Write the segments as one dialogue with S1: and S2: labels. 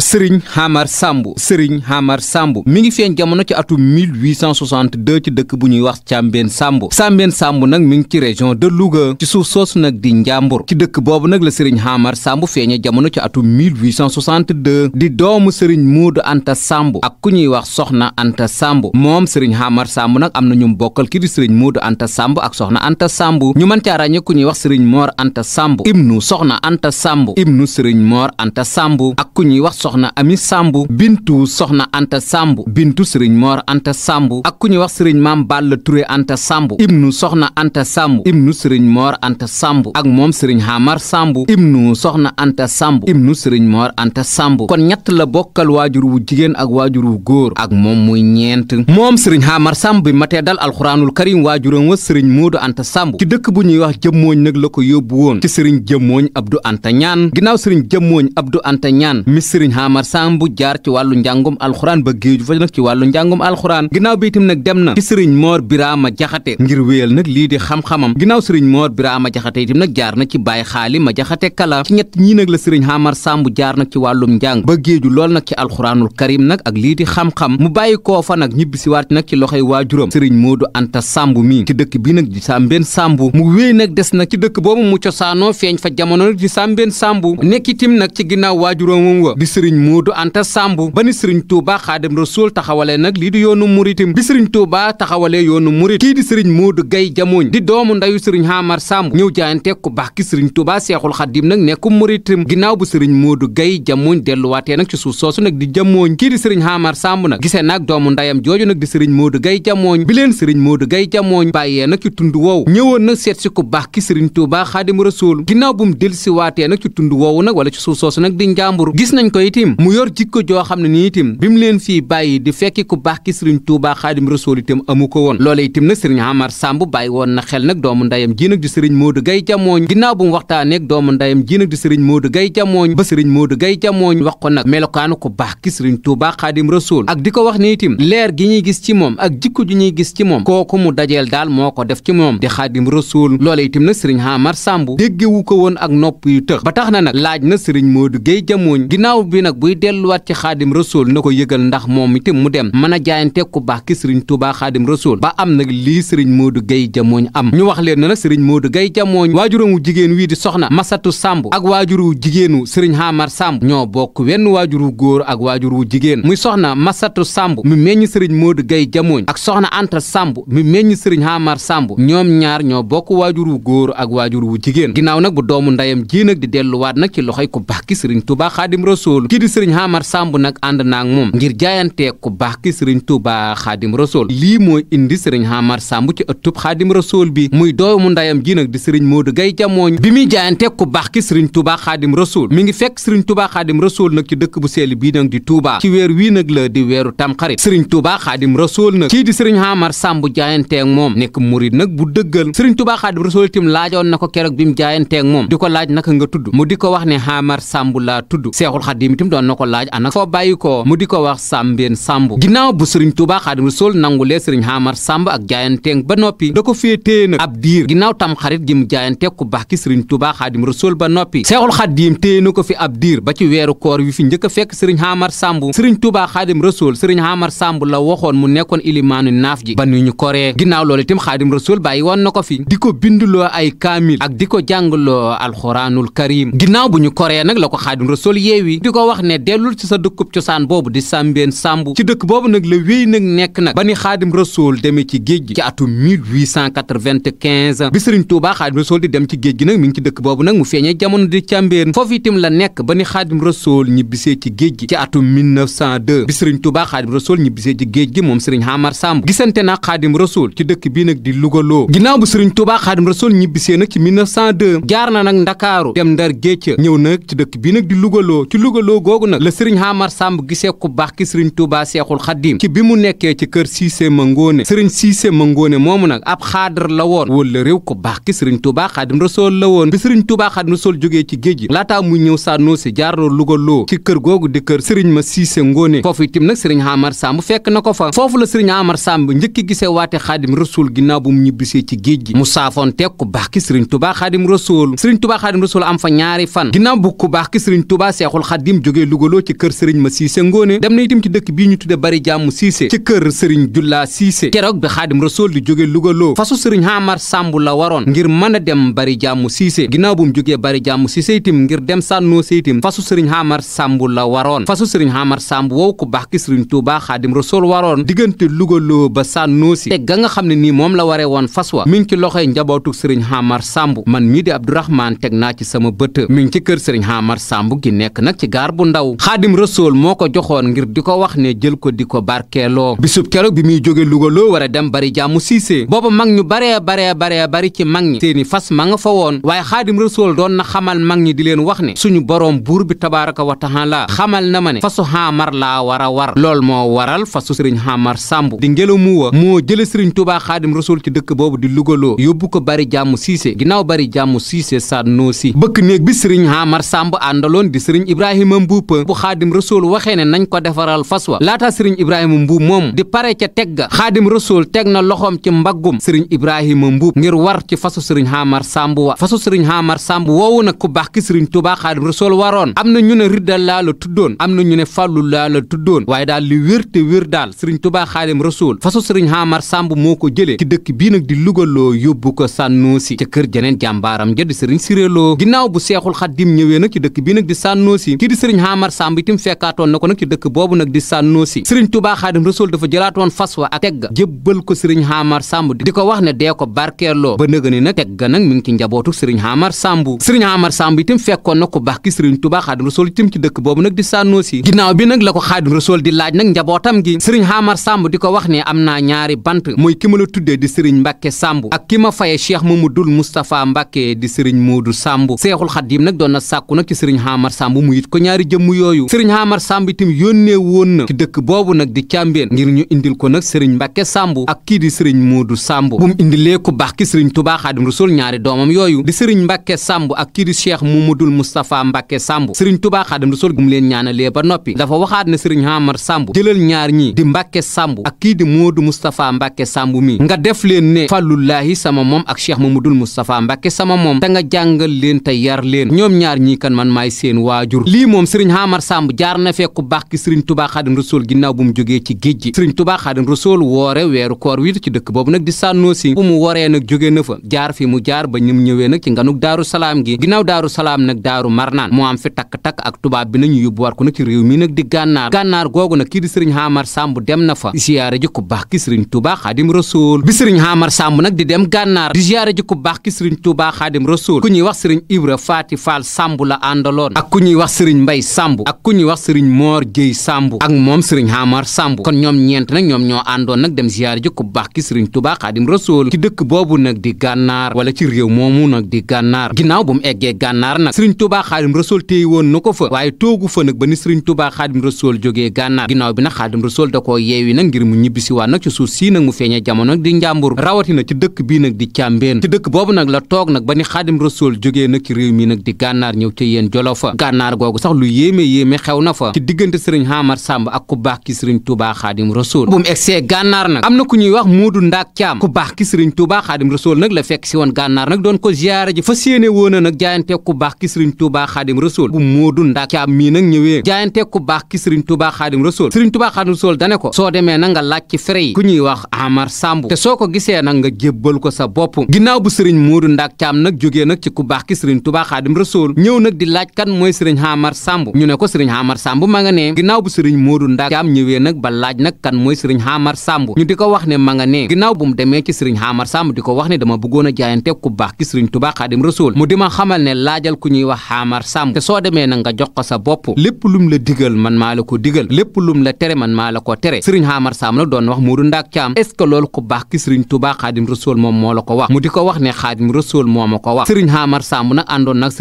S1: sëriñ Hamar Samb sëriñ Hamar Samb mi ngi feeñ jamono ci atum 1862 ci dëkk bu ñuy wax Càmbeen Samb Càmbeen Samb nag mi ngi ci région de Louga ci suuf soosu nag di Njàmbur ci dëkk boobu nag la sëriñ Hamar Samb feeñee jamono ci atum 1862 di doomu sëriñ Moodu Anta Samb ak ku ñuy wax Soxna Anta Samb moom sëriñ Hamar Samb nag am na ñu bokkal ki di sëriñ Moodu Anta Samb ak Soxna Anta Samb ñu mën caa ràññee ku ñuy wax sëriñ Mor Anta Samb ibnu Soxna Anta Samb Samb ak ku ñuy soxna ami sàmbu bintu soxna anta sàmbu bintu sëriñ moor anta sàmbu ak ku ñuy wax sëriñ maam balla ture anta sàmbu ibnu soxna anta sàmbu ibnu sëriñ moor anta sàmbu ak moom sëriñ xamar sàmbu ibnu soxna anta sàmbu ibnu sëriñ moor anta sàmbu kon ñett la bokkal waajur wu jigéen ak waajur wu góor ak moom muy ñeent moom sëriñ xamar sàmbu bi matee dal alxuraanul karim waajuram wa sëriñ moodu anta sàmbu ci dëkk bu ñuy wax jëmmooñ nëg la ko yóbbu woon ci sëriñ jëmmooñ ab du anta ñaan ginnaaw sëriñ jëmmooñ abdu anta ñaan mi sëriñ Xamar Sambu jaar ci wàllu njàngum alxuraan ba géeju fa nak ci wàllu njàngum alxuraan ginnaaw bi itam nag dem na ci sëriñ Moor Biraama Jaxate ngir wéyal nag lii di xam-xamam ginnaaw sëriñ Moor a Jaxate itam nag jaar na ci Baay Xaali ma Jaxate kala ci ñett ñii nag la sëriñ Xamar Sambu jaar nag ci wàllum njàng ba géeju lool nag ci alxuraanul karim nag ak lii di xam-xam mu bàyyi koo fa nag ñibbisi waat nag ci loxoy waajuram sëriñ Moodu Anta Sambu mi ci dëkk bi nag di Sàmbeen Sambu mu wéy nag des nag ci dëkk boobu mu cosaanoo feeñ fa jamono di Sàmbeen nekk itam nag ci ginnaaw waajuram wa di sëriñ Moodu Anta Sàmb ba ni sëriñ Touba Xaadim Rasuul taxawalee nag lii di yoonu muritim bi sëriñ Touba taxawalee yoonu murit kii di sëriñ Moodu Gay Jamooñ di doomu ndayu sëriñ Xamar Sàmb ñëw jaayante ku baax ki sëriñ Touba Seexul Xaadim nag nekku muritim ginnaaw bu sëriñ Moodu Gay Jamooñ delluwaatee nag ci suuf soosu nag di jamooñ kii di sëriñ Xamar Sàmb nag gisee nag doomu ndayam jooju nag di sëriñ Moodu Gay Jamooñ bi leen sëriñ Moodu Gay jam bàyyee nag ci tund woowu ñëwoon nag seet si ku baax ki sëriñ Touba Xaadim Rasuul ginnaaw bu mu dellusiwaatee nag ci tund woowu nag wala ci suuf soosu nag di njàmbur gis itim mu yor jikko joo xam ne nii itim bi mu leen fii bàyyi di fekki ku baax ki sëriñ Tuubaa Xaadim Rasuul itam amu ko woon loola itim nag sëriñ Amar Samb bàyyi woon na xel nag doomu ndayam ji nag di sëriñ Modou Gaye Jamooñ ginnaaw bu mu waxtaaneeg doomu ndayam ji nag di sëriñ Modou Gaye Jamooñ ba sëriñ Modou Gaye Jamooñ wax ko nag melokaanu ku baax ki sëriñ Tuubaa Xaadim Rasuul ak di ko wax ne itim leer gi ñuy gis ci moom ak jikko ji ñuy gis ci moom kooku mu dajeel daal moo ko def ci moom di Xaadim Rasuul loola itim nag sëriñ Amar Samb déggewu ko woon ak nopp yu tëx ba tax na nag laaj na sëriñ Modou Gaye bi nag buy delluwaat ci xaadim rasool na ko yëgal ndax moom itam mu dem mën a jaayante ku baax ki sëriñ Tuubaa xaadim rasool ba am nag lii sëriñ Moodu Gay jamooñ am ñu wax leen na nag sëriñ Moodu Gay jamooñ waajuram wu jigéen wii di soxna Masatu Sàmb ak waajuru jigéenu sëriñ Xaamar Sàmb ñoo bokk wenn waajuru góor ak waajuru jigéen muy soxna Masatu Sàmb mi meññ sëriñ Moodu Gay jamooñ ak soxna Anta Sàmb mi meññ sëriñ Xaamar Sàmb ñoom ñaar ñoo bokk waajuru góor ak waajuru jigéen ginnaaw nag bu doomu ndeyam ji nag di delluwaat nag ci loxoy ku baax ki sëriñ kii di sëriñ Amar Samb nag ànd na ak moom ngir jaayantee ku baax ki sëriñ Touba Xaadim Rasool lii mooy indi sëriñ Amar Samb ci ëttub Xaadim Rasool bi muy doomu ndayam ji nag di sëriñ Modou Gaye Jamooñ bi muy jaayantee ku baax ki sëriñ Touba Xaadim Rasool mi ngi fekk sëriñ Touba Xaadim Rasool nag ci dëkk bu sell bii nag di Touba ci weer wii nag la di weeru Tamxarit sëriñ Touba Xaadim Rasool nag kii di sëriñ Amar Samb jaayantee moom nekk murid nag bu dëggal sëriñ Touba Xaadim Rasool laajoon na ko keroog bi mu jaayantee ak moom ko laaj naka nga tudd mu di ko wax ne Amar Samb laa tudd Seexul itam doon na ko laaj ana foo bàyyi ko mu di ko wax sàmbeen sàmb ginnaaw bu sëriñ Tuubaa Xaadimu Rasuul nangulee sëriñ Xamar Sàmb ak jaayanteeg ba noppi da ko fee téye nag ab diir ginnaaw tam xarit gi mu jaayanteeg ku baax ki sëriñ Tuubaa Xaadimu Rasuul ba noppi Seexul Xadiim téye na ko fi ab diir ba ci weeru koor wi fi njëkk a fekk sëriñ Xamar Sàmb sëriñ Tuubaa Xaadimu Rasuul sëriñ Xamar Sàmb la waxoon mu nekkoon ilimaanu naaf ji ba nu ñu koree ginnaaw loolu itam Xaadimu Rasuul bàyyi woon na ko fi di ko binduloo ay kaamil ak di ko jàngaloo alxuraanul karim ginnaaw bu ñu koree nag la ko Xaadimu Rasuul yeewi wax ne dellul ci sa dëkkub cosaan boobu di sàmbeen sàmbu ci dëkk boobu nag la wéy nag nekk nag ba ni xaadim rasool demee ci géej gi ci atum 1895 bi sëriñ Tuubaa xaadim rasool gi nag mi ngi ci dëkk boobu nag mu feeñee jamono di càmbeen ñibbisee ci géej gi ci atum 1902 bi sëriñ Tuubaa xaadim rasool ñibbisee ci géej gi moom sëriñ Xamar Sàmb gisante na xaadim rasool ci dëkk bii nag di Lugaloo ginnaaw bu sëriñ Tuubaa xaadim rasool ñibbisee nag ci jaar na nag Ndakaaru dem Ndar géej ñëw nag ci dëkk bii nag di Lugaloo ci Lugaloo loo googu nag la sëriñ Xamar Samb gisee ku baax ki sëriñ Touba Seexul Xaddiim ci bi mu nekkee ci kër Siise Mangoone sëriñ Siise Mangoone moomu nag ab xaadar la woon wala réew ku baax ki sëriñ Touba Xaadim Rasool la woon bi sëriñ Touba Xaadim Rasool jógee ci géej gi laataa muy ñëw sànnoo si jaaroo Luga loo ci kër googu di kër sëriñ ma Siise Ngoone foofu itam nag sëriñ Xamar Samb fekk na ko fa foofu la sëriñ Xamar Samb njëkki gisee waate Xaadim Rasool ginnaaw bu mu ñibbisee ci géej gi mu saafoon teg ku baax ki sëriñ Touba Xaadim Rasool sëriñ Touba Xaadim jógee Lougaloo ci kër sëriñ ma siise ngóone dem na itam ci dëkk bii ñu tudde bari jàmm siise ci kër sëriñ jullaa siise keroog bi xaadim rasool di jógee Lougaloo fasu sëriñ Amar Samb la waroon ngir mën a dem bari jàmm siise ginnaaw bu mu jógee bari jàmm siise itam ngir dem sànnoo sa itam fasu sëriñ Amar sambu la waroon fasu sëriñ Amar Samb wow ku baax ki sëriñ Tuubaa xaadim rasool waroon diggante Lougaloo ba sànnoo si te ga nga xam ne nii moom la waree woon fas mi ngi ci loxoy njabootuk sëriñ Amar Samb man mii di Abdourahmane teg naa ci sama bët mi ngi ci kër sëriñ Samb gi nekk nag ci xar bu ndaw xaadim rësool moo ko joxoon ngir di ko wax ne jël ko di ko barkeeloo bisub keroog bi muy jóge Louga war a dem bari jàmmu siise booba mag ñu baree baree baree bari ci mag ñi seeni fas ma nga fa woon waaye xaadim rësool doon na xamal mag ñi di leen wax ne suñu boroom buur bi tabaaraka wa taala xamal na ma ne fasu xaamar laa war a war lool moo waral fasu sëriñ xaamar sàmb di ngelaw mu wa moo jële sëriñ tubaa xaadim rësool ci dëkk boobu di l loo yóbbu ko bari jàmmu siise ginnaaw bari jàmmu siise sànnoo si mbuupa bu xaadim rasool waxee ne nañ ko defaral fas wa laata sëriñ ibrahima mbuub moom di pare ca tegga xaadim rasool teg na loxoom ci mbaggum sëriñ ibrahima mbuub ngir war ci fasu sëriñ xaamar sàmb wa fasu sëriñ xaamar sàmb woowu nag ku baax ki sëriñ tubaa xaadim rasool waroon am na ñu ne riddal laa la tuddoon am na ñu ne fàllu laa la tuddoon waaye daal li wér te wér daal sëriñ tubaa xaadim rasool fasu sëriñ xaamar sàmb moo ko jëlee ci dëkk bii nag di lugaloo yóbbu ko sànnoosi ca kër jeneen jàmbaaram ja di sëriñ siréloo ginnaaw bu seexul xaddim ñëwee nag ci dëkk bii nag di sànnoosi kii di sëriñ sëriñ Xamar Samb itam fekkaatoon na ko nag dëkk boobu nag di Sànnoosi sëriñ Tubaa Xaadim Rasuul dafa jëlaatoon fas wa ak tegga jébbal ko sëriñ Xamar Samb di ko wax ne dee ko barkeeloo ba nëga ni nag tegga nag mi ngi ci njabootu sëriñ Xamar Samb sëriñ Xamar Samb itam fekkoon na ku baax ki sëriñ Tubaa Xaadim Rasuul itam ci dëkk boobu nag di Sànnoosi ginnaaw bi nag la ko Xaadim Rasuul di laaj nag njabootam gi sëriñ Xamar Samb di ko wax ne am naa ñaari bant mooy ki la tuddee di sëriñ mbakke Samb ak ki ma faye Cheikh Mamadul Moustapha Mbàkke di sëriñ Moodu Samb Seexul Xaadim nag doon na sàkku nag ci sëriñ Xamar Samb mu yit ko ñaari ñaari jëmm yooyu sëriñ Amar Samb itam yónnee woon na ci dëkk boobu nag di càmbeen ngir ñu indil ko nag sëriñ Mbacke Samb ak kii di sëriñ Moodu Samb bu mu indilee ku baax ki sëriñ Touba Xaadim Rasul ñaari doomam yooyu di sëriñ Mbacke Samb ak kii di Cheikh Mamadul Moustapha mbakke Samb sëriñ Touba Xaadim Rasul bu mu leen ñaanalee ba noppi dafa waxaat ne sëriñ Amar Samb jëlal ñaar ñi di Mbacke Samb ak kii di Moodu Moustapha Mbacke sambu mi nga def leen ne fàllullaahi sama moom ak Cheikh Mamadul Moustapha Mbacke sama moom te nga jàngal sëriñ Amar Samb jaar na fekk ku baax ki sëriñ Touba Xaadim Rasool ginnaaw bu mu jógee ci géej gi sëriñ Touba Xaadim Rasool woore weeru koor wi ci dëkk boobu nag di Sànnoosi bu mu woree nag jógee na jaar fi mu jaar ba ñum ñëwee nag ci nganuk daaru salaam gi ginnaaw daaru salaam nag daaru marnaan moo am takk-takk ak tubaab bi nañu yóbbu war ko nag ci réew mi nag di gànnaar gànnaar googu nag kii di Samb dem na fa ziyaare ji ku baax ki sëriñ Touba Xaadim Rasool bi sëriñ Amar Samb nag di dem gànnaar di ziyaare ji ku baax ki sëriñ Touba Xaadim Rasool ku ñuy wax sëriñ Ibra Faati Faal Samb la àndaloon ak ku ñuy wax sëriñ Mbay Guèye Samb ak ku ñuy wax sëriñ Mor Guèye Samb ak moom sëriñ Hamar Samb kon ñoom ñeent nag ñoom ñoo àndoon nag dem ziyaar ji ku baax ki sëriñ Tuubaa Xaadim Rasuul ci dëkk boobu nag di gànnaar wala ci réew moomu nag di gànnaar ginnaaw bu mu eggee gànnaar nag sëriñ Tuubaa Xaadim Rasuul téye woon na ko fa waaye toogu fa nag ba ni sëriñ Tuubaa Xaadim Rasuul jógee gànnaar ginnaaw bi na Xaadim Rasuul da koo yeewi nag ngir mu ñibbisi nag ci suuf sii nag di njàmbur rawatina ci dëkk bii nag di càmbeen ci dëkk boobu la toog nag ba ni Xaadim Rasuul jógee nag ci réew mi lu yéeme yéeme xew na fa ci diggante sëriñ Xamar Sàmb ak ku baax ki sëriñ Tuubaa Xaadim Rasuul bu mu egsee gànnaar nag am na ku ñuy wax Moodu Ndaak Caam ku baax ki sëriñ Tuubaa Xaadim Rasuul nag la fekk si woon gànnaar nag doon ko ziyaara ji a ku baax ki sëriñ Tuubaa Xaadim Rasuul bu Moodu Ndaak Caam mii ñëwee jaayante ku baax ki sëriñ Tuubaa Xaadim Rasuul sëriñ Tuubaa Xaadim Rasuul dane ko soo demee na nga laaj ci fere yi ku ñuy wax Xamar Sàmb te soo ko sa bopp ginnaaw bu sëriñ Moodu Ndaak Caam nag jógee nag ci ku baax ki sëriñ Tuubaa Xaadim Rasuul ñëw nag di laaj kan Samb ñu ne ko sëriñ Xamar Samb ma nga ne ginnaaw bu sëriñ Modou Ndak Caam ñëwee ba laaj nag kan mooy sëriñ Xamar Samb ñu di ko wax ne ma nga ne a jaayante laajal ku ñuy wax Xamar Samb te soo demee nag nga jox ko sa bopp lépp lum la digal man maa la ko digal lépp lum la tere man maa la ko tere sëriñ Xamar Samb nag doon wax Modou Ndak Caam est ku baax ki sëriñ Tuubaa Xaadim Rasuul moom moo la ko wax mu di ko wax ne Xaadim Rasuul moo ma ko wax sëriñ Xamar Samb nag àndoon nag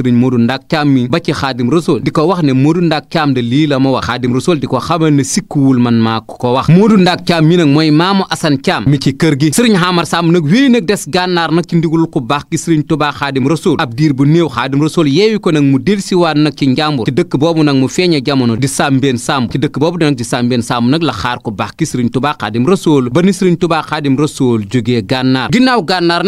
S1: wax ne Modou Ndak Thiam de lii la ma wax Xaadim Rasul di ko xamal ne sikkuwul man maa ko ko wax Modou Ndak Thiam mi nag mooy maamu Assane Thiam mi ci kër gi sëriñ Xamar Samb nag wéy des gànnaar nag ci ndigul ku baax ki sëriñ Tuubaa Xaadim Rasul ab diir bu néew Xaadim Rasul yeewi ko nag mu delsiwaat nag ci njàmbur ci dëkk boobu nag mu feeñe jamono di Sambeen Samb nag la xaar ku baax ki sëriñ Tuubaa Xaadim Rasul ba ni sëriñ Tuubaa Xaadim Rasul jógee gànnaar ginnaaw gànnaar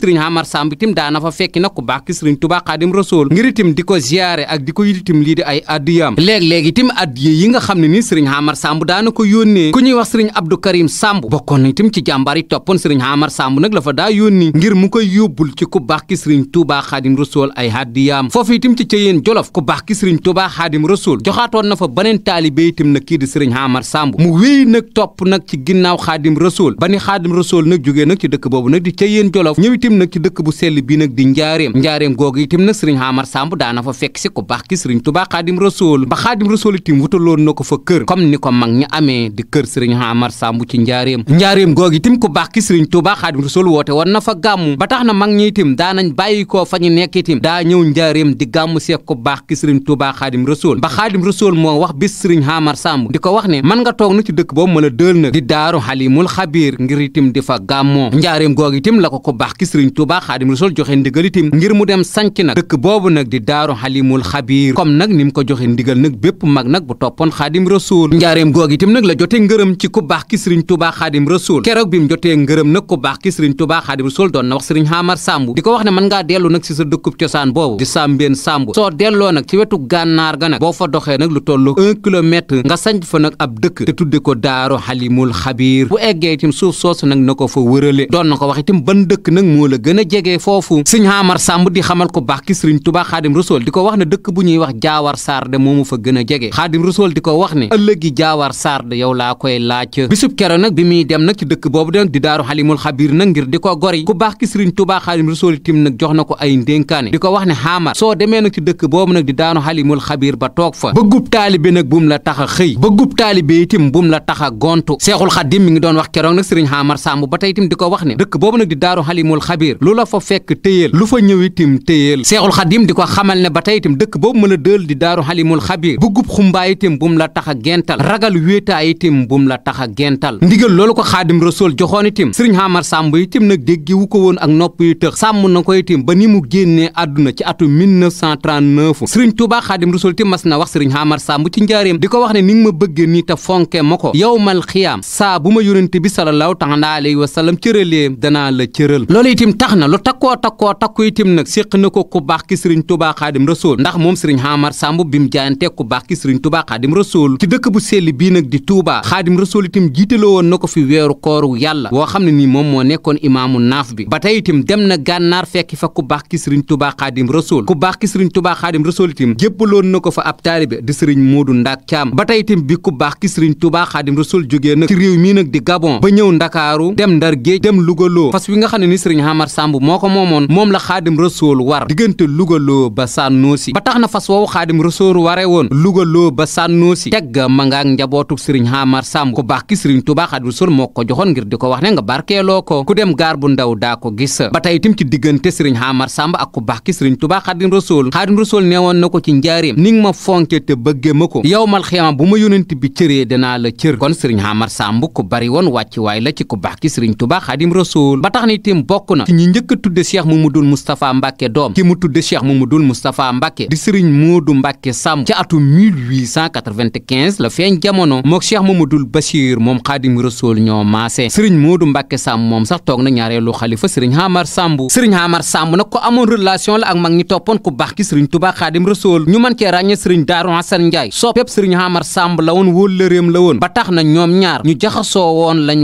S1: sëriñ Amar Samb itam daana fa fekki nag ku baax ki sëriñ Tuubaa Xaadim Rasuul ngir itam di ko ziyaare ak di ko itam lii di ay addiyaam léeg-léeg itam addiye yi nga xam ne ni sëriñ Amar Samb daana ko yónnee ku ñuy wax sëriñ Abdou Karim Samb bokkoon na itam ci jàmbaar yi toppoon sëriñ Amar Samb nag la fa daa yónni ngir mu koy yóbbul ci ku baax ki sëriñ Tuubaa Xaadim Rasuul ay addiyaam foofu itam ci cëyeen Jolof ku baax ki sëriñ Tuubaa Xaadim Rasuul joxaatoon na fa beneen taalibe itam na kii di sëriñ Amar Samb mu wéy nag topp nag ci ginnaaw Xaadim Rasuul ba ni Xaadim Rasuul nag jógee nag ci dëkk boobu nag itam nag ci dëkk bu sell bi nag di njaareem njaareem googu itam nag sëriñ Amar Samb daana fa fekk si ku baax ki sëriñ Tuubaa Xaadim ba Xaadim Rasuul itam wutaloon na ko fa kër comme ni ko mag ñi amee di kër sëriñ Amar Samb ci njaareem njaareem googu itam ku baax ki sëriñ Tuubaa Xaadim Rasuul woote woon na fa ba tax na mag ñi itam daanañ bàyyi koo fa ñu nekk itam daa ñëw njaareem di gàmmu seek ku baax ki sëriñ Tuubaa Xaadim ba Xaadim Rasuul moo wax bis sëriñ Amar Samb di ko wax ne man nga toog na ci dëkk boobu ma la dël nag di daaru xalimul xabiir ngir itam di fa gàmmoo njaareem googu itam Serigne Touba Xaadim Rasul joxe ndigal itam ngir mu dem sanc nag dëkk boobu nag di daaru Xalimul Xabiir comme nag ni mu ko joxe ndigal nag bépp mag nag bu toppoon Xaadim Rasul njaareem googu itam nag la jotee ngërëm ci ku baax ki Serigne Touba Xaadim Rasul keroog bi mu jotee ngërëm nag ku baax ki Serigne Touba Xaadim Rasul doon na wax Serigne Xamar Samb di ko wax ne mën ngaa dellu nag si sa dëkkub cosaan boobu di Sambeen Samb soo delloo nag ci wetu gànnaar ga nag boo fa doxee nag lu tollu moo la gën a jege foofu sëñ Amar Samb di xamal ko baax ki sëriñ Tuubaa Xaadim Rasuul di ko wax ne dëkk bu ñuy wax Jaawar Sarde moomu fa a ko wax ne ëllëgi Jaawar Sarde yow laa koy laaj bisub kero nag bi muy dem nag ci dëkk boobu nag di na ko ay ndénkaane di ko wax daanu Xalimul Xabiir ba toog fa bëggub taalibe nag bum la tax a xëy bëggub taalibe itim bum la tax a gontu Seexul Xaadim mi ngi doon wax keroog nag sëriñ Amar Samb ba tey itam di ko wax ne dëkk boobu nag di daaru Xalimul Xabiir sabir lu la fa fekk téyeel lu fa ñëw itam téyeel seexul xadim di ko xamal ne ba tey itam dëkk boobu mën a dël di daaru xalimul xabir buggub xumbaay itam bu mu la tax a gental ragal wéetaay itam bu mu la tax a gental ndigal loolu ko xaadim rasool joxoon itam sëriñ xamar sàmb itam nag déggiwu ko woon ak nopp tëx sàmm na ko itam ba ni mu génnee àdduna ci atum 1939 sëriñ tuubaa xaadim rasool itam mas na wax sëriñ xamar sàmb ci njaareem di ko wax ne ni nga ma bëggee nii te fonke ma ko yowmal xiyaam itim tax na lu takkoo takkoo takku itim nag séq na ko ku baax ki sëriñ tubaa xaadim rasool ndax moom sëriñ Amar Samb bi mu jaayantee ku baax ki sëriñ tubaa xaadim rasool ci dëkk bu sell bii nag di Touba xaadim rasool itim jiitaloo woon na ko fi weeru kooru yàlla woo xam ne nii moom moo nekkoon imaamu naaf bi ba tey itim dem na gànnaar fekki fa ku baax ki sëriñ tubaa xaadim rasool ku baax ki sëriñ tubaa xaadim rasool itim jébbaloon na ko fa ab taalibe di sëriñ Moodu Ndaak Caam ba tey itim bi ku baax ki sëriñ tubaa xaadim rasool jógee nag ci réew mii nag di Gabon ba ñëw Ndakaaru dem Ndar géej dem Lugaloo fas wi nga xam ne ni Amar Samb moo ko moomoon moom la xaadim rasool war diggante Louga loo ba sànnoosi ba tax na fas woowu xaadim rasool ware woon Louga loo ba sànnoosi tegg ma nga ak njabootug sëriñ Amar Samb ku baax ki sëriñ Tuubaa xaadim rasool moo ko joxoon ngir di ko wax ne nga barkeeloo ko ku dem gaar bu ndaw daa ko gis ba tey itam ci diggante sëriñ Amar Samb ak ku baax ki sëriñ Tuubaa xaadim rasool xaadim rasool nee na ko ci njaareem ni nga ma fonke te bëgge ma ko yow mal bu ma yónent bi cëree danaa la cër kon sëriñ Amar Samb ku bari woon wàcc waay la ci ku baax ki sëriñ Tuubaa xaadim rasool ba na itam bokk na ki ñi njëkk a tudde cheikh mamadul moustapha mbàkke doom ki mu tudde cheikh mamadul moustapha mbàkke di sëriñ moodu mbàkke sàmm ci la feeñ jamono mook cheikh mamadul bachir moom xaadim rasool ñoo maase sëriñ moodu mbàkke sàmm moom sax toog na ñaareelu xalifa sëriñ xamar sàmb sëriñ xamar sàmb nag ko amoon relation la ak mag ñi toppoon ku baax ki sëriñ tubaa xaadim rasool ñu mën cee ràññe sëriñ daaru hasan njaay soppeeb sëriñ xamar sàmb la woon wóllëreem ba tax na ñoom ñaar ñu jaxasoo woon lañ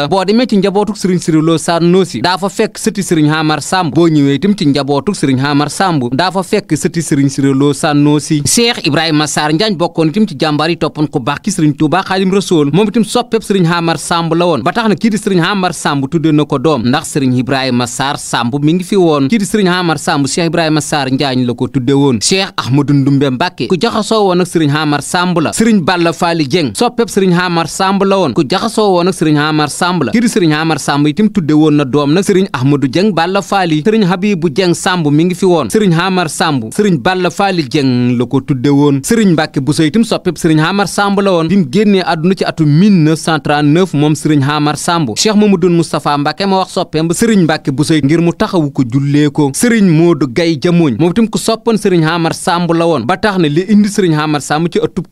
S1: la boo demee ci njabootuk sëriñ siriloo Sanusi daa fa fekk sëti sëriñ Xamar Samb boo ñëwee itam ci njabootuk sëriñ Xamar Samb daa fa fekk sëti sëriñ siriloo Sanusi Cheikh Ibrahima Sarr Njaañ bokkoon itam ci jàmbaar yi toppoon ku baax ki sëriñ Tuubaa Xaadim moom itam soppeeb sëriñ Xamar Samb la woon ba tax na kii di sëriñ Xamar Samb tudde na ko doom ndax sëriñ Ibrahima Sarr Samb mi ngi fi woon kii di sëriñ Xamar Samb la ko tudde woon Cheikh Ahmadou Ndumbe Mbàkke ku jaxasoo woon ak sëriñ Xamar Samb la sëriñ Balla la woon ku jaxasoo Samb la kiri sëriñ Amar Samb tudde woon na doom nag sëriñ Ahmadou Dieng Balla Faali sëriñ Habibu Dieng Samb mi ngi fi woon sëriñ Amar Samb sëriñ Balla Faali la woon bi mu génnee àdduna ci atum 1939 moom sëriñ Amar Samb Cheikh Mamadou Moustapha Mbàkke ma wax soppeem ba sëriñ Mbàkke Buso ngir mu taxawu ko jullee ko sëriñ Moodu Gay Jamooñ moom itam ku soppoon sëriñ Amar Samb la woon ba tax na li indi sëriñ Amar Samb ci ëttub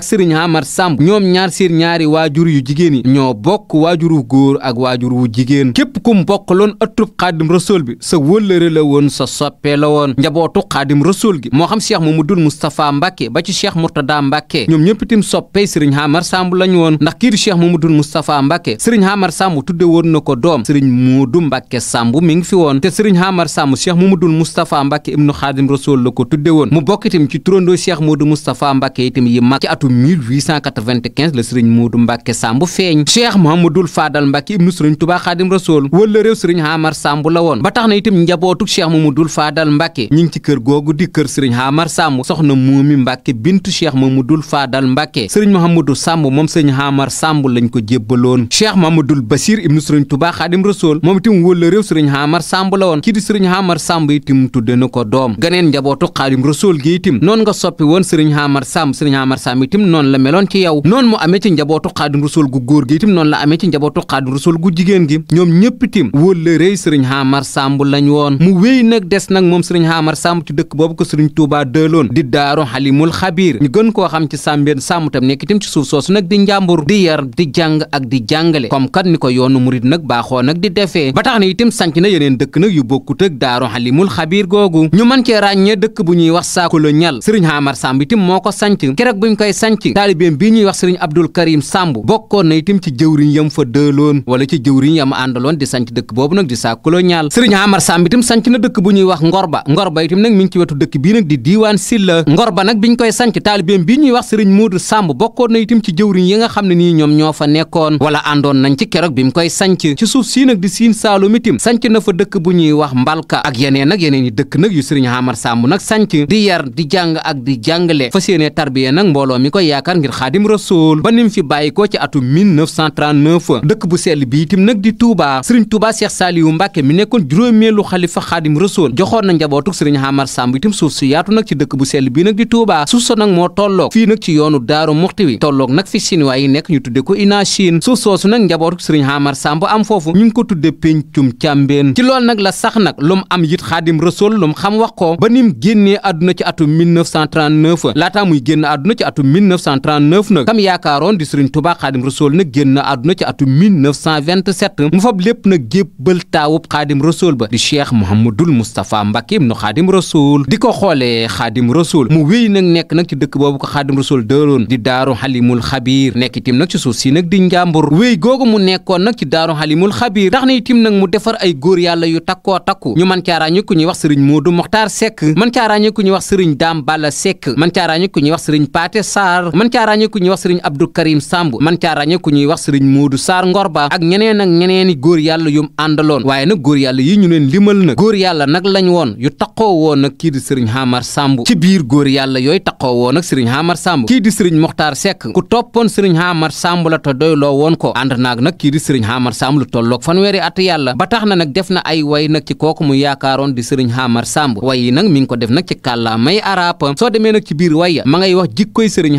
S1: ak sëriñ Amar Samb ñoom ñaar seen ñaari waajur yu jigéen yi ñoo bokk waajur wu góor ak waajur wu jigéen képp ku mu bokk loon ëttub xaadim rasool bi sa wëllëre la woon sa soppee la woon njabootu xaadim rasool gi moo xam cheikh mamadul moustapha mbàkke ba ci cheikh mourtada mbàkke ñoom ñëpp itam soppee sëriñ mar Samb lañ woon ndax kii di cheikh mamadul moustapha mbàkke sëriñ Amar Samb tudde woon na ko doom sëriñ Moodu mbàkke Samb mi ngi fi woon te sëriñ Amar Samb cheikh mamadul moustapha mbàkke ibnu xaadim rasool la ko tudde woon mu bokk ci turandoo cheikh moodu moustapha mbàkke itam yi atum 1895 la sëriñ Moodu Mbàkke Sàmb feeñ Cheikh Mouhamadoul Fadal Mbàkke ibnu sëriñ Tuubaa Xaadim Rasuul wala réew sëriñ Xaamar Sàmb la woon ba na itam njabootu Cheikh Mouhamadoul Fadal Mbàkke ñi ngi ci kër googu di kër sëriñ Xaamar Sàmb soxna Moomi Mbàkke bintu Cheikh Mouhamadoul Fadal Mbàkke sëriñ Mouhamadou Sàmb moom sëriñ Xaamar Sàmb lañ ko jébbaloon Cheikh Mouhamadoul Basir ibnu sëriñ Tuubaa Xaadim Rasuul moom itam wala sëriñ Xaamar Sàmb la woon kii di sëriñ Xaamar Sàmb itam tudde na ko doom ganeen njabootu Xaadim Rasuul gi itam noonu nga soppi woon sëriñ Xaamar Sàmb sëriñ Xaamar Sàmb itam itam noonu la meloon ci yow noonu mu amee ci njabootu xaadim rasul gu góor gi itam noonu la amee ci njabootu xaadim rasul gu jigéen gi ñoom ñëpp itam wóllërey sëriñ Xaamar Samb lañ woon mu wéy nag des nag moom sëriñ Xaamar Samb ci dëkk boobu ko sëriñ Tuubaa dëloon di daaru xalimul xabiir ñu gën koo xam ci sàmbeen Samb tam nekk itam ci suuf soosu nag di njàmbur di yar di jàng ak di jàngale comme kat ni ko yoonu murit nag baaxoo nag di defee ba tax na itam sanc na yeneen dëkk nag yu bokkut ak daaru xalimul xabiir googu ñu mën cee ràññee dëkk bu ñuy wax saa kolonial sëriñ Xaamar Samb itam moo ko sanc keroog buñ koy sànc taalibeem bii ñuy wax sëriñ Abdul Karim Samb bokkoon na itam ci jëwriñ yam fa dëeloon wala ci jëwriñ yam àndaloon di sànc dëkk boobu nag di saa colonial sëriñ Amar Samb itam sànc na dëkk bu ñuy wax Ngorba Ngorba itam nag mi ci wetu dëkk bii nag di diiwaan Silla Ngorba nag biñ koy sànc taalibeem bii ñuy wax sëriñ Moodu Samb bokkoon na itam ci jëwriñ yi nga xam ne nii ñoom ñoo fa nekkoon wala àndoon nañ ci keroog bi mu koy sànc ci suuf sii nag di na fa dëkk bu ñuy wax Mbalka ak yeneen nag yeneen yi dëkk nag yu sëriñ Amar Samb nag di yar di jàng ak di jàngale ni ko yaakaar ngir xaadim rasool ba nim fi bàyyi ci atum 1939 dëkk bu sell bi itam nag di Touba sëriñ Touba Cheikh Saliou Mbacke mi nekkoon juróomeelu xalifa xaadim rasool joxoon na njabootuk sëriñ Hamar Samb itam suuf su yaatu nag ci dëkk bu sell bii nag di Touba suuf sa nag moo tolloog fii nag ci yoonu Daaru Muxti wi tolloog nag fi chinois yi nekk ñu tudde ko ina Chine suuf soosu nag njabootuk sëriñ Hamar Samb am foofu ñu mu ko 1939 nag kam yaakaaroon di Serigne Touba Xaadim Rasool nag génn na àdduna ci atum 1927 mu fab lépp nag jébbal taawub Xaadim Rasool ba di Cheikh Mouhamadul Moustapha Mbacke ibnu Xaadim Rasool di ko xoolee Xaadim Rasool mu wéy nag nekk nag ci dëkk boobu ko Xaadim Rasool dëroon di Daaru Xalimul Xabiir nekk itam nag ci suuf si di njàmbur wéy googu mu nekkoon nag ci Daaru Xalimul Xabiir tax na itam nag mu defar ay góor yàlla yu takkoo takku ñu mën caa ràññee ku Sarr man caa ràññee ku ñuy wax sëriñ Abdou Karim Samb man caa ràññee ku ñuy wax sëriñ Modou Sarr Ngorba ak ñeneen ak ñeneeni góor yàlla yum àndaloon waaye nag góor yàlla yi ñu leen limal nag góor yàlla nag lañ woon yu taqoo woon nag kii di sëriñ Hamar Samb ci biir góor yàlla yooyu taqoo woon nag sëriñ Hamar Samb kii di sëriñ Mokhtar Seck ku toppoon sëriñ Hamar Samb la te woon ko ànd naag nag kii di sëriñ Hamar Samb lu tolloog fanweeri at yàlla ba tax na na ay way nag ci kooku mu yaakaaroon di sëriñ Hamar Samb way yi nag mi ngi ko def nag ci kàllaamay arab soo demee nag ci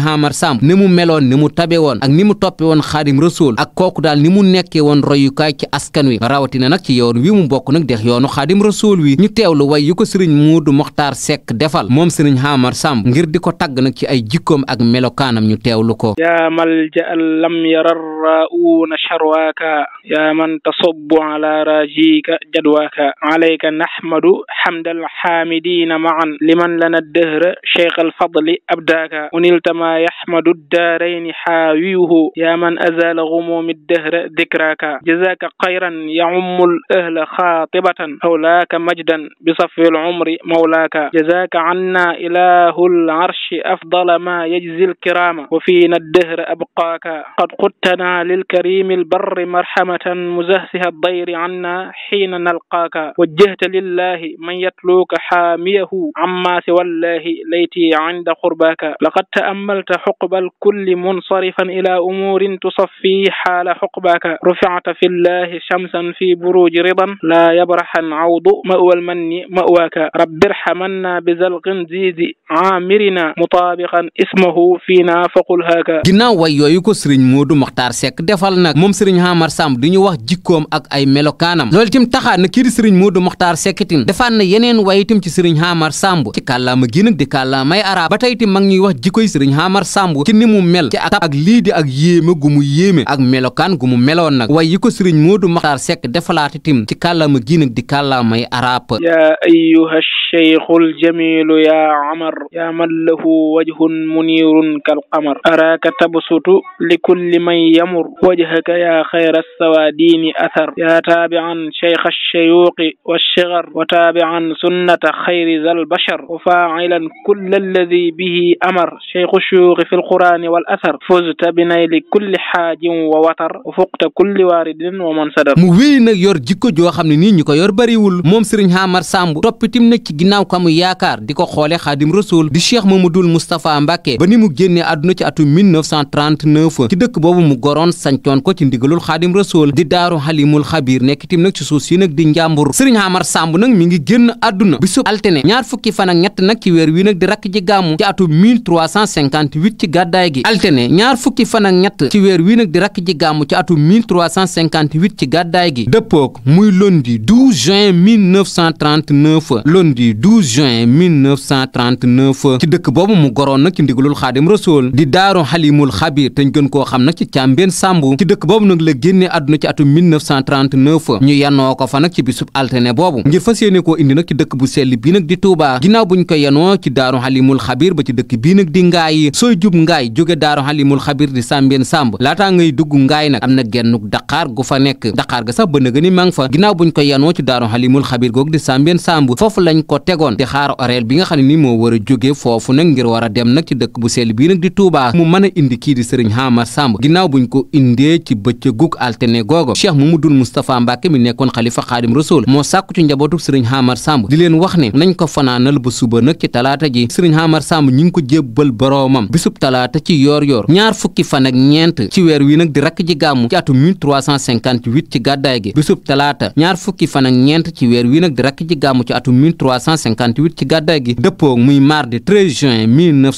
S1: Hamar Samb ni mu meloon ni mu tabe woon ak ni mu toppe woon xaadim rasool ak kooku daal ni mu nekkee woon royukaay ci askan wi rawatina nag ci yoon wi mu bokk nag dex yoonu xaadim rasool wi ñu teewlu way yu ko sëriñ Muudu Moxtaar Sekk defal moom sëriñ Hamar Samb ngir di ko tagg nag ci ay jikkoom ak melokaanam ñu teewlu ko
S2: yaa malja lam yarar rauna charwaaka yaa man tasabbu ala rajika jadwaaka alayka nahmadu hamdal hamidina maan liman lana dëhra cheikh alfadli abdaaka uniltama ما يحمد الدارين حاويه يا من أزال غموم الدهر ذكراك جزاك خيرا يعم الأهل خاطبة أولاك مجدا بصف العمر مولاك جزاك عنا إله العرش أفضل ما يجزي الكرام وفينا الدهر أبقاك قد قدتنا للكريم البر مرحمة مزهسها الضير عنا حين نلقاك وجهت لله من يتلوك حاميه عما سوى الله ليتي عند قرباك لقد تأمل جعلت حقب الكل منصرفا إلى أمور تصفي حال حقباك رفعت في الله شمسا في بروج رضا لا يبرحا عوض مأوى المن مأواك رب ارحمنا بزلق زيد عامرنا مطابقا اسمه فينا فقل هاك
S1: ginnaaw way yooyu ko sëriñ Modou Mokhtar Seck defal nag moom sëriñ Hamar Samb di ñu wax jikkoom ak ay melokaanam loolu tim taxaa na kii di sëriñ Modou Mokhtar Seck tim defaan na yeneen way tim ci sëriñ Hamar Samb ci kàllaama gi nag di kàllaamay arab ba tey tim mag ñuy wax jikkoy sëriñ Hamar Amar Samb ci ni mu mel ci ak ak lii ak yéeme gu mu yéeme ak melokaan gu mu meloon nag way yi ko sëriñ Moodu Maxtaar Sekk defalaati tim ci kàllaama gi nag di kàllaamay arab
S2: cheikhul jamilu ya amar ya man lahu wajhun munirun kal qamar araaka tabsutu li kulli man yamur wajhaka ya xayra sawaadini athar ya taabian cheikh alcheyuqi walchigar wa taabian sunnata xayri zal bachar wa faacilan kulla alladi bihi amar cheikhu shuyuqi fi lqurani wal athar fuzta bi nayli kulli xaajin wa watar wa fuqta kulli waaridin wa man sadar
S1: mu wéy nag yor jikko joo xam ne nii ñu ko yor bariwul moom sëriñ Amar Samb toppitim na ci ginnaaw ka mu yaakaar di ko xoole xaadim rasul di cheikh mamadul moustapha mbàkke ba ni mu génnee àdduna ci atum 1939 ci dëkk boobu mu goroon sancoon ko ci ndigalul xaadim rasul di daaru xalimul xabir nekk tim nag ci suuf si nag di njàmbur sëriñ Amar Samb nag mi ngi génn àdduna bisub altene ñaar fukki fan ak ñett nag ci weer wi nag di rakk ji gàmmu ci atum 1358 ci gàddaay gi altene ñaar fukki fan ñett ci weer wi nag di rakk ji gàmmu ci atum 1358 ci gàddaay gi dëppook muy lundi 12 juin 1939 lundi du 12 juin 1939 ci dëkk boobu mu goroon nag ci ndigalul xaadim rasool di daaru xalimul xabir te ñu gën koo xam nag ci càmbeen sàmb ci dëkk boobu nag la génnee àdduna ci atum 1939 ñu yanoo ko fa nag ci bisub altene boobu ngir fas yéene koo indi nag ci dëkk bu sell bii nag di Touba ginnaaw buñ ko yenoo ci daaru xalimul xabir ba ci dëkk bii nag di Ngaay sooy jub Ngaay jóge daaru xalimul xabir di sàmbeen sàmb laataa ngay dugg Ngaay nag am na gennuk daqaar gu fa nekk daqaar ga sax ba nëgëni mang fa ginnaaw buñ ko yanoo ci daaru xalimul xabir goog di sàmbeen sàmb foofu lañ tegoon di xaar oreel bi nga xam ne ni moo war a jóge foofu nag ngir war a dem nag ci dëkk bu sell bii nag di Touba mu mën a indi kii di sëriñ Hamar Samb ginnaaw buñ ko indee ci bëccëgug altine googo Cheikh Mamadou Moustapha Mbacke mi nekkoon xalifa Xaadim Rasul moo sàkku ci njabootu sëriñ Hamar Samb di leen wax ne nañ ko fanaanal ba suba nag ci talaata ji sëriñ Hamar Samb ñi ngi ko jébbal boroomam bisub talaata ci yoor yoor ñaar fukki fan ak ñeent ci weer wi nag di rakk ji gàmmu ci atu 1358 ci gàddaay gi bisub talaata ñaar fukki fan ak ñeent ci weer wi nag 1958 ci gàddaay gi dëppoo muy mardi 13 juin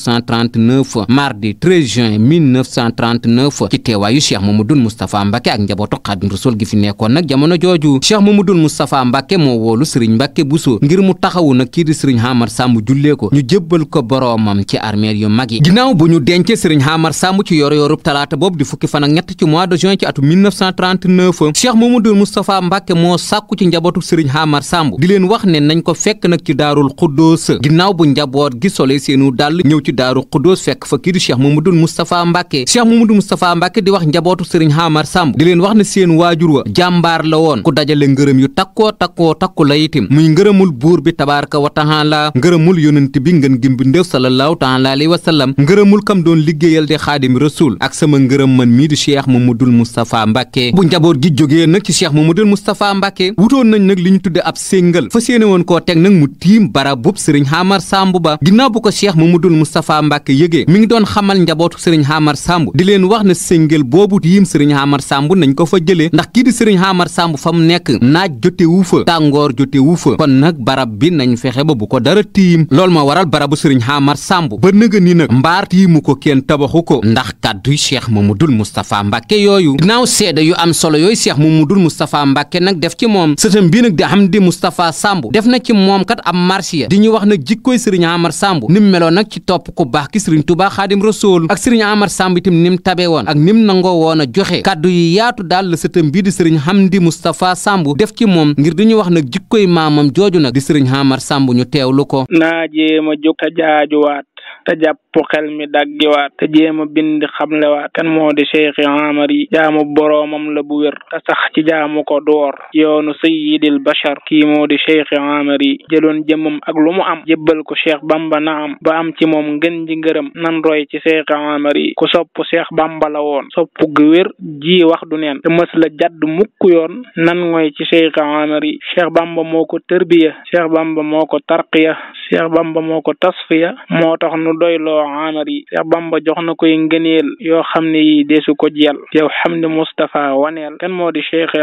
S1: ci teewaayu Cheikh Mamadou Moustapha Mbacke ak njabootu Xaadimu Rasuul gi fi nekkoon nag jamono jooju Cheikh Mamadou Moustapha Mbacke moo woolu Serigne Mbacke Bousso ngir mu taxawu nag kii di Serigne Hamar Samb jullee ko ñu jébbal ko boroomam ci armeel yu mag yi ginnaaw bu ñu dencee Serigne Hamar Samb ci yor yorub talaata boobu di fukki fan ñett ci mois de juin ci atu 1939 Cheikh Mamadou Moustapha Mbacke moo sàkku ci njabootu ci daarul xuddoos ginnaaw bu njaboot gi sole seenu dàll ñëw ci daaru xuddoos fekk fa kii di cheikh mamadul moustapha mbàkke cheikh mamadul moustapha mbàkke di wax njabootu sëriñ xaamar sàmb di leen wax ne seen waajur wa jàmbaar la woon ku dajale ngërëm yu takkoo takkoo takku la itim muy ngërëmul buur bi tabaraka wa taala ngërëmul yonent bi ngën gim bi ndéef salallaahu taala alayhi wa sallam ngërëmul kam doon liggéeyal di xaadim rasul ak sama ngërëm man mii di cheikh mamadul moustapha mbàkke bu njaboot gi jógee nag ci cheikh mamadul moustapha mbàkke wutoon nañ nag li ñu tudde ab séngal fa séene woon koo teg mu tiim barabub sëriñ Xamar Samb ba ginnaaw bu ko cheikh Mamadul Moustapha Mbàkke yëgee mi ngi doon xamal njabootu sëriñ Xamar Samb di leen wax ne séngel boobu tiim sëriñ Xamar Samb nañ ko fa jëlee ndax kii di sëriñ Xamar Samb fa mu nekk naaj jote wu fa tàngoor jote wu fa kon nag barab bi nañ fexe ba bu ko dara tiim loolu moo waral barabu sëriñ Xamar Samb ba nëga ni nag mbaar tiimu ko kenn tabaxu ko ndax kàdduy cheikh Mamadul Moustapha Mbàkke yooyu ginnaaw seede yu am solo yooyu cheikh Mamadul Moustapha Mbàkke nag def ci moom sëtam bi nag di Hamdi Moustapha Samb kat ab marsiya di ñu wax nag jikkooy sëriñ Amar Samb nim meloon nag ci topp ku baax ki sëriñ Touba Xaadim Rasool ak sëriñ Amar Samb itam nim tabe woon ak nim nangoo woon a joxe kàddu yi yaatu daal la sëriñ Hamdi Moustapha Samb def ci moom ngir di ñu wax nag jikkooy maamam jooju nag di sëriñ Amar Samb ñu teewlu ko
S2: naa jéem a jokk a te jàpp xel mi daggiwaat te jéem a bind xamlewaat kan moo di cheikhi amar yi jaamu boroomam la bu wér te sax ci jaamu ko door yoonu sayyidil bashar kii moo di cheikhi amar yi jëloon jëmmam ak lu mu am jébbal ko cheikh bamba na am ba am ci moom ngën ji ngërëm nan roy ci cheikhi amar yi ku sopp cheikh la woon sopp gu wér ji wax du neen te la jadd mukk yoon nan ngoy ci cheikhi amar yi bamba moo ko tërbiya cheikh bamba moo ko tarqiya bamba moo tasfiya moo tax mu doyloo amar yi Cheikh jox na koy ngëneel yoo xam ne yi deesu ko xam ne Moustapha waneel kan moo di Cheikh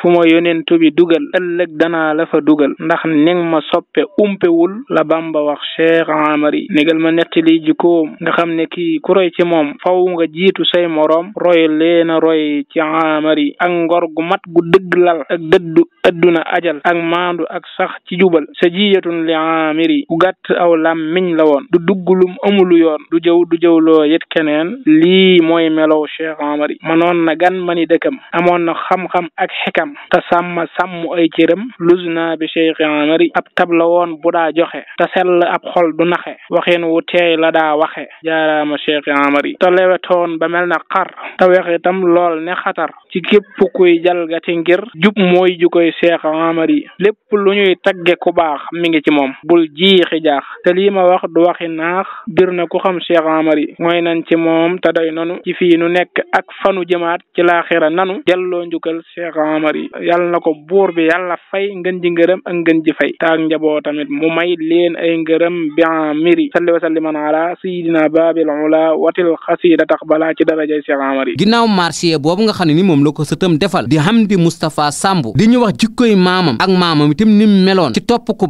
S2: fu ma yonentu bi dugal ëllëg danaa la dugal ndax ning ma soppe umpewul la Bamba wax Cheikh amar yi ma nettali li nga xam ne kii ku ci moom faw nga jiitu say moroom roy leena roy ci amar yi ak ngor gu mat gu dëgg lal ak dëddu adduna ajal ak maandu ak sax ci jubal sa jiyatun li amir aw lam miñ la du dugg lum amulu yoon du jëw du jëwloo yit keneen lii mooy melow Cheikh Amary manoon na gan mani dëkkam amoon na xam-xam ak xikam te sàmm sàmm oy cëram lus naa bi Cheikh Amary ab tab la woon bu daa joxe te sell ab xol du naxe waxin wu teey la daa waxe jaaraama Cheikh Amary te lewetoon ba mel na xar te wex itam lool ne xatar ci képp koy jalgati ngir jub mooy ju koy Cheikh Amary lépp lu ñuy tagge ku mi ngi ci bul jiixi jaax te lii ma wax du waxi naa baax dir na ku xam Cheikh Amar yi mooy nan ci moom te doy nanu ci fii nekk ak fanu jëmaat ci laaxira nanu delloo njukkal Cheikh Amar ko buur bi yàlla fay ngën ji ngërëm ak ngën ji fay taag njaboo tamit mu may leen ay ngërëm bi amiri salli wa salliman ala sayidina babil ula watil xasida tax balaa ci darajay Cheikh Amar yi
S1: ginnaaw marché boobu nga xam ne ni moom la ko sëtam defal di Hamdi Moustapha Samb di ñu wax jikkoy maamam ak maamam itam nim meloon ci topp ku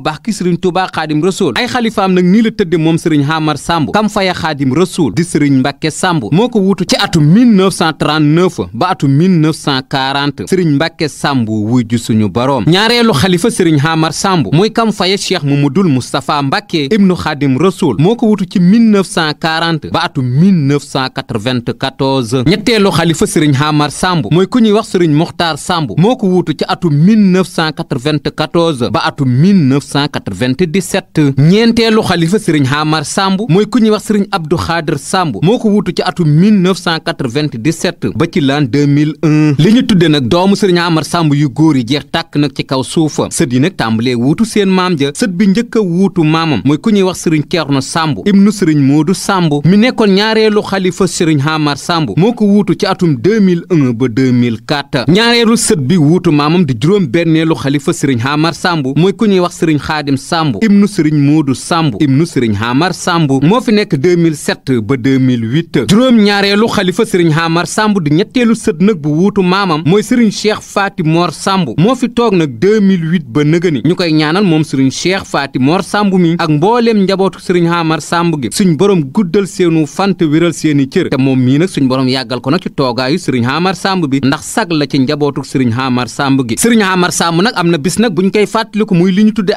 S1: Amar Samb kam faya xaadim rasuul di sëriñ Mbàkke Samb moo ko wuutu ci atum 1939 ba atum 1940 sëriñ Mbàkke Samb wujju suñu boroom ñaareelu xalifa sëriñ Amar Samb muy kam faya cheikh Mamadul Moustapha Mbàkke ibnu xaadim rasuul moo ko wuutu ci 1940 ba atum 1994 ñetteelu xalifa sëriñ Amar Samb mooy ku ñuy wax sëriñ Moxtaar Samb moo ko wuutu ci atum 1994 ba atum 1997 ñeenteelu xalifa sëriñ Amar Samb mooy ku ñuy wax sëriñ Abdou Khader Samb moo ko wuutu ci atum 1997 ba ci l'an 2001 li ñu tudde nag doomu sëriñ Amar Samb yu góor yi jeex tàkk nag ci kaw suufa sët yi nag tàmbalee wuutu seen maam ja sët bi njëkk a wuutu maamam mooy ku ñuy wax sëriñ Ceerno Samb ibnu sëriñ Moodu Samb mi nekkoon ñaareelu xalifa sëriñ Amar Samb moo ko wuutu ci atum 2001 ba 2004 ñaareelu sët bi wuutu maamam di juróom benneelu xalifa sëriñ Amar Samb mooy ku ñuy wax sëriñ Xaadim Samb ibnu sëriñ Moodu Samb ibnu sëriñ Amar Samb Samb moo fi nekk 2007 ba 2008 juróom-ñaareelu xalifa sëriñ Hamar Samb di ñetteelu sët nag bu wuutu maamam mooy sëriñ Cheikh Faty Mor moo fi toog nag 2008 ba nëgëni ñu koy ñaanal moom sëriñ Cheikh Faty Mor Samb mi ak mbooleem njabootu sëriñ Hamar Samb gi suñ borom guddal seenu fant wéral seeni cër te moom mii nag suñ borom yàggal ko nag ci toogaayu sëriñ Hamar Samb bi ndax sag la ci njabootu sëriñ Hamar Samb gi sëriñ Hamar Samb nag am na bis nag buñ koy fàttaliku muy li ñu tudde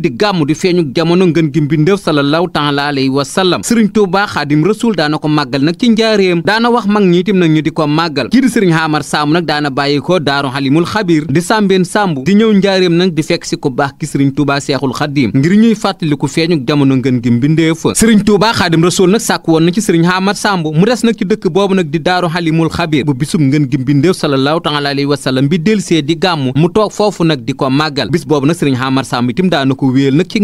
S1: di gàmm taala alayhi wa sallam sëriñ Touba xaadim rasul daana ko màggal nag ci njaareem daana wax mag ñi itam di ko màggal kii di sëriñ Xaamar Samb nag daana bàyyi ko daaru xalimul xabir di sàmbeen sàmb di ñëw njaareem nag di fekk si ku baax ki sëriñ Touba seexul xadim ngir ñuy fàttaliku feeñu jamono ngën gi mbindeef sëriñ Touba xaadim rasul nag sàkk woon na ci sëriñ Xaamar Samb mu des nag ci dëkk boobu nag di daaru xalimul xabir bu bisum ngën gi mbindeef wa sallam bi delsee di gàmm mu toog foofu nag di ko màggal bis boobu nag sëriñ Xaamar Samb itam daana ko wéel nag ci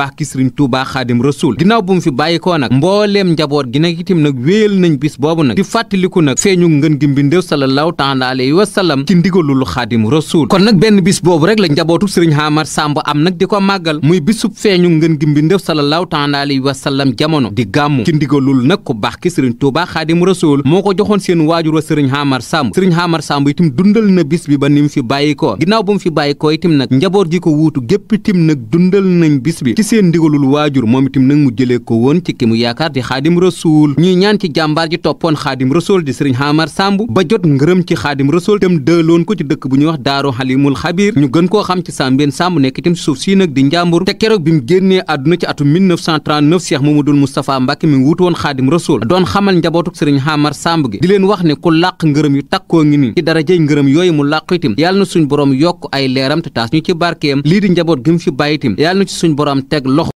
S1: baax ki sëriñ Tuubaa Xaadim Rasuul ginnaaw bu mu fi bàyyi koo nag mbooleem njaboot gi nag itim nag wéyal nañ bis boobu nag di fàttaliku nag feeñu ngën gi mbindéef sallallahu taala alayhi wa sallam ci ndigalul Xaadim Rasuul kon nag benn bis boobu rek la njabootu sëriñ Amar Samb am nag di ko màggal muy bisub feeñu ngën gi mbindéef sallallahu taala alayhi wa sallam jamono di gàmmu ci ndigalul nag ko baax ki sëriñ Tuubaa Xaadim Rasuul moo ko joxoon seen waajur wa sëriñ Amar Samb sëriñ Amar Samb itam dundal na bis bi ba ni mu fi bàyyi ko ginnaaw bu mu fi bàyyi ko itim nag njaboot gi ko wuutu seen ndigalul waajur moom itam nag mu jëlee ko woon ci ki mu yaakaar di xaadim rasuul ñuy ñaan ci jàmbaar ji toppoon xaadim rasuul di sëriñ Xamar Samb ba jot ngërëm ci xaadim rasuul itam dëloon ko ci dëkk bu ñuy wax Daaru Xalimul Xabir ñu gën koo xam ci Sambeen Samb nekk itam suuf sii di njàmbur te keroog bi mu génnee àdduna ci atum 1939 Cheikh Mamadou Moustapha Mbacke mi wuutu woon xaadim rasuul doon xamal njabootuk sëriñ Xamar Samb gi di leen yu mu làq itam yàlla na suñ yokk ay leeram te taas ñu ci teg loxo